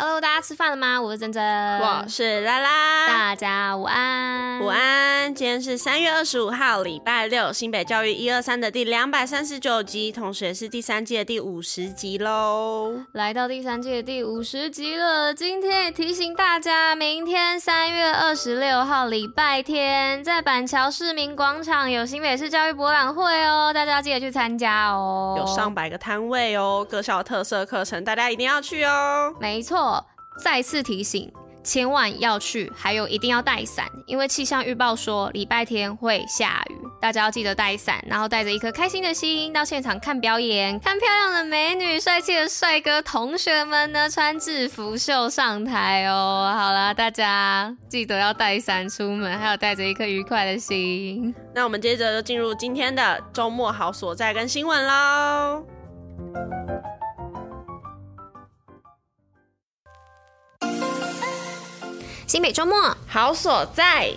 Hello，大家吃飯了嗎？我是珍珍，我是拉拉，大家午安，午安。今天是三月二十五號，禮拜六，新北教育一二三的第兩百三十九集，同時也是第三季的第五十集嘍。來到第三季的第五十集了，今天也提醒大家，明天三月二十六號禮拜天，在板橋市民廣場有新北市教育博覽會哦，大家要記得去參加哦，有上百個攤位哦，各校特色課程，大家一定要去哦。沒錯。再次提醒，千萬要去，還有一定要帶傘，因為氣象預報說禮拜天會下雨，大家要記得帶傘，然後帶着一顆開心的心到現場看表演，看漂亮的美女、帥氣的帥哥。同學們呢，穿制服秀上台哦。好啦，大家記得要帶傘出門，還有帶着一顆愉快的心。那我們接着就進入今天的週末好所在跟新聞嘍。新北週末好所在，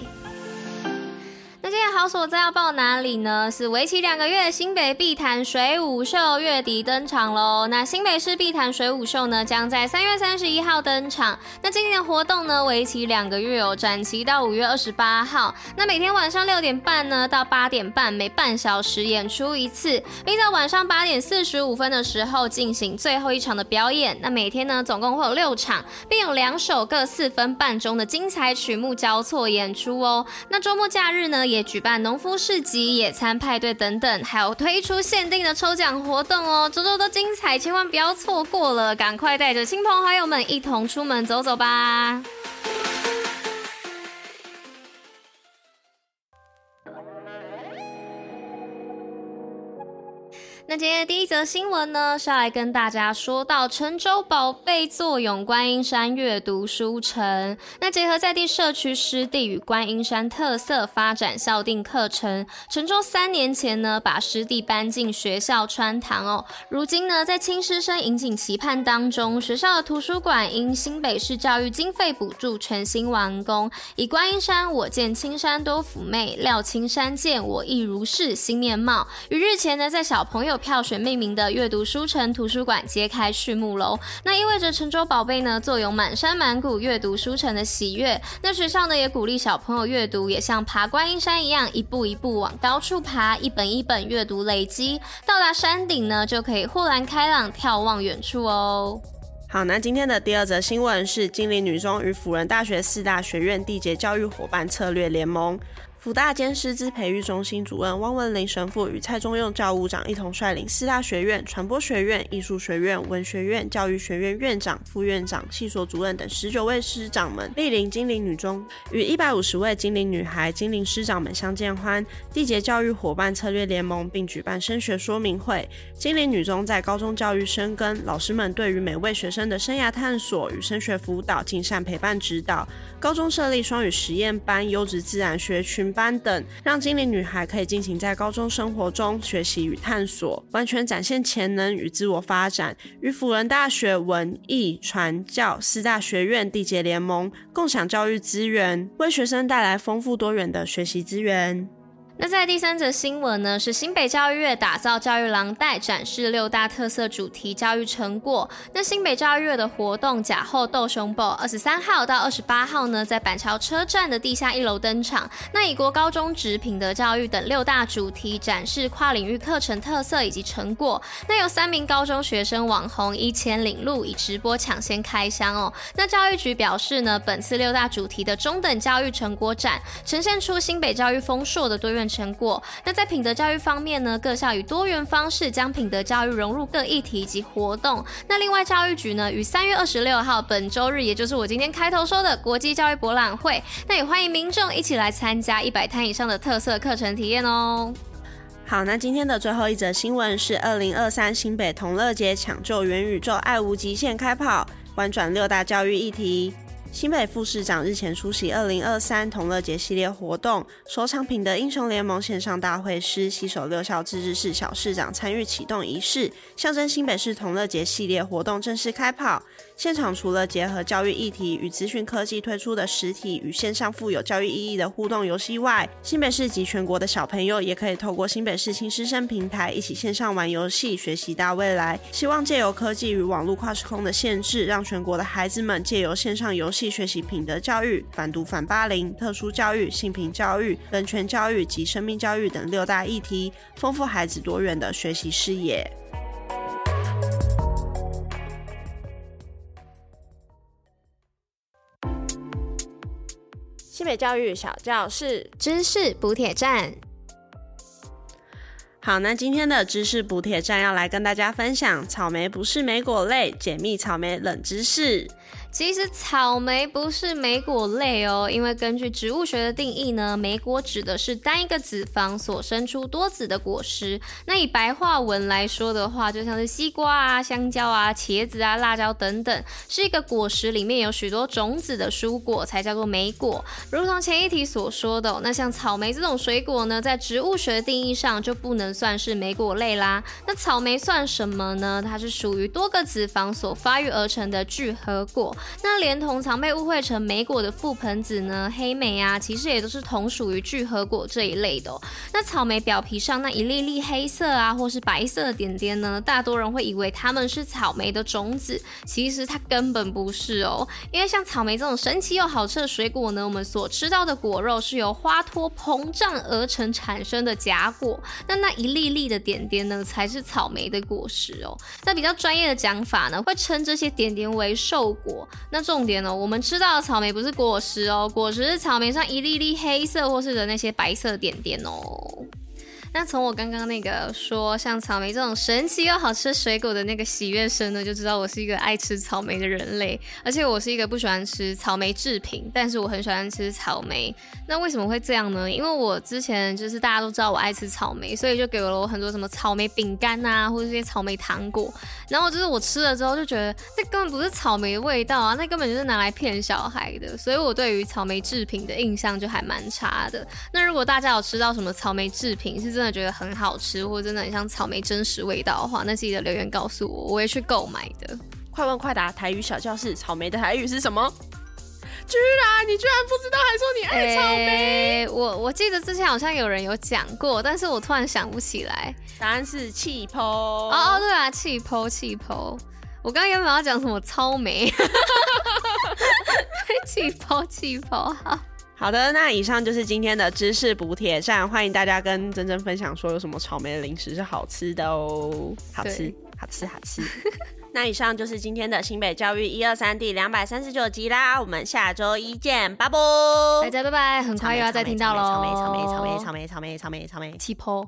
那這樣。告訴我這要報哪裡呢？是為期兩個月的新北碧潭水舞秀月底登場嘍。那新北市碧潭水舞秀呢，將在三月三十一號登場。那今年的活動呢，為期兩個月哦，展期到五月二十八號。那每天晚上六點半呢到八點半，每半小時演出一次，並在晚上八點四十五分的時候進行最後一場的表演。那每天呢，總共會有六場，並有兩首各四分半鐘的精彩曲目交錯演出哦。那週末假日呢，也舉辦農夫市集、野餐派對等等，還有推出限定的抽獎活動哦，周周都精彩，千萬不要錯過了，趕快帶着親朋好友們一同出門走走吧。那今天的第一則新聞呢，是要來跟大家說到成州寶貝坐擁觀音山悅讀書成。那結合在地社區濕地與觀音山特色發展校定課程，成州三年前呢，把濕地搬進學校穿堂哦。如今呢，在青師生引頸期盼當中，學校的圖書館因新北市教育經費補助全新完工，以觀音山我見青山多嫵媚，料青山見我亦如是新面貌。於日前呢，在小朋友。票選命名的悅讀書成圖書館揭開序幕樓，那意味着成州寶貝呢，坐擁滿山滿谷悅讀書成的喜悅。那學校呢，也鼓勵小朋友閱讀，也像爬觀音山一樣，一步一步往高處爬，一本一本閱讀累積，到達山頂呢，就可以豁然開朗，眺望遠處哦。好，那今天的第二則新聞是，金陵女中與輔仁大學四大學院締結教育夥伴策略聯盟。輔大兼師資培育中心主任汪文林神父與蔡中用教務長一同率領四大學院、傳播學院、藝術學院、文學院、教育學院院長、副院長、系所主任等十九位師長們蒞臨金陵女中，與一百五十位金陵女孩、金陵師長們相見歡，締結教育夥伴策略聯盟，並舉辦升學說明會。金陵女中在高中教育深耕，老師們對於每位學生的生涯探索與升學輔導盡善陪伴指導。高中設立雙語實驗班、優質自然學區。班等，讓金陵女孩可以盡情在高中生活中學習與探索，完全展現潛能與自我發展。與輔仁大學文藝傳教四大學院締結聯盟，共享教育資源，為學生帶來豐富多元的學習資源。那在第三則新聞呢，是新北教育月打造教育廊帶，展示六大特色主題教育成果。那新北教育月的活動假後斗熊 b 23二十三號到二十八號呢，在板橋車站的地下一樓登場。那以國高中職品德教育等六大主題展示跨領域課程特色以及成果。那由三名高中學生網紅一前領路，以直播搶先開箱哦。那教育局表示呢，本次六大主題的中等教育成果展，呈現出新北教育豐碩的多元。成果。那在品德教育方面呢，各校以多元方式將品德教育融入各議題及活動。那另外，教育局呢，於三月二十六號本周日，也就是我今天開頭說的國際教育博覽會，那也歡迎民眾一起來參加一百攤以上的特色課程體驗哦。好，那今天的最後一則新聞是二零二三新北童樂節，搶救元宇宙愛無極限開跑，玩轉六大教育議題。新北副市長日前出席二零二三同樂節系列活動，首場品德英雄聯盟線上大會師，攜手六校自治市小市長參與啟動儀式，象徵新北市同樂節系列活動正式開跑。現場除了結合教育議題與資訊科技推出的實體與線上富有教育意義的互動遊戲外，新北市及全國的小朋友也可以透過新北市青師生平台一起線上玩遊戲，學習大未來。希望借由科技與網絡跨時空的限制，讓全國的孩子們借由線上遊戲，學習品德教育、反毒反霸凌、特殊教育、性平教育、人權教育及生命教育等六大議題，豐富孩子多元的學習視野。新北教育小教室知識補帖站。好，那今天的知識補帖站要來跟大家分享，草莓不是莓果類，解密草莓冷知識。其實草莓不是莓果類哦，因為根據植物學的定義呢，莓果指的是單一個子房所生出多子的果實。那以白話文來說的話，就像是西瓜啊、香蕉啊、茄子啊、辣椒等等，是一個果實裡面有許多種子的蔬果才叫做莓果。如同前一題所說的，哦，那像草莓這種水果呢，在植物學的定義上就不能。算是莓果類啦。那草莓算什麼呢？它是屬於多個子房所發育而成的聚合果。那連同常被誤會成莓果的覆盆子呢、黑莓啊，其實也都是同屬於聚合果這一類的喔。那草莓表皮上那一粒粒黑色啊或是白色的點點呢，大多人會以為它們是草莓的種子，其實它根本不是哦。因為像草莓這種神奇又好吃的水果呢，我們所吃到的果肉是由花托膨脹而成產生的假果。那那。一粒粒的點點呢，才是草莓的果實哦。那比較專業的講法呢，會稱這些點點為瘦果。那重點呢，我們吃到的草莓不是果實哦，果實是草莓上一粒粒黑色或是的那些白色的點點哦。那從我剛剛那個說像草莓這種神奇又好吃水果的那個喜悅聲呢，就知道我是一個愛吃草莓的人類，而且我是一個不喜歡吃草莓製品，但是我很喜歡吃草莓。那為什麼會這樣呢？因為我之前就是大家都知道我愛吃草莓，所以就給了我很多什麼草莓餅乾啊，或者是些草莓糖果。然後就是我吃了之後就覺得那根本不是草莓的味道啊，那根本就是拿來騙小孩的。所以我對於草莓制品的印象就還蠻差的。那如果大家有吃到什麼草莓制品是？真的覺得很好吃，或者真的很像草莓真實味道的話，那記得留言告訴我，我會去購買的。快問快答，台語小教室，草莓的台語是什麼？居然你居然不知道，還說你愛草莓？欸、我我記得之前好像有人有講過，但是我突然想不起來。答案是氣泡。哦哦，對啊，氣泡氣泡。我剛剛原本要講什麼草莓？氣 泡氣泡。氣泡好好的，那以上就是今天的知識補帖站，歡迎大家跟珍珍分享說有什麼草莓的零食是好吃的哦，好吃，好吃，好吃。那以上就是今天的新北教育一二三第兩百三十九集啦，我們下周一見，拜拜。大家拜拜，很快又要再聽到咯！草莓，草莓，草莓，草莓，草莓，草莓，草莓，氣泡。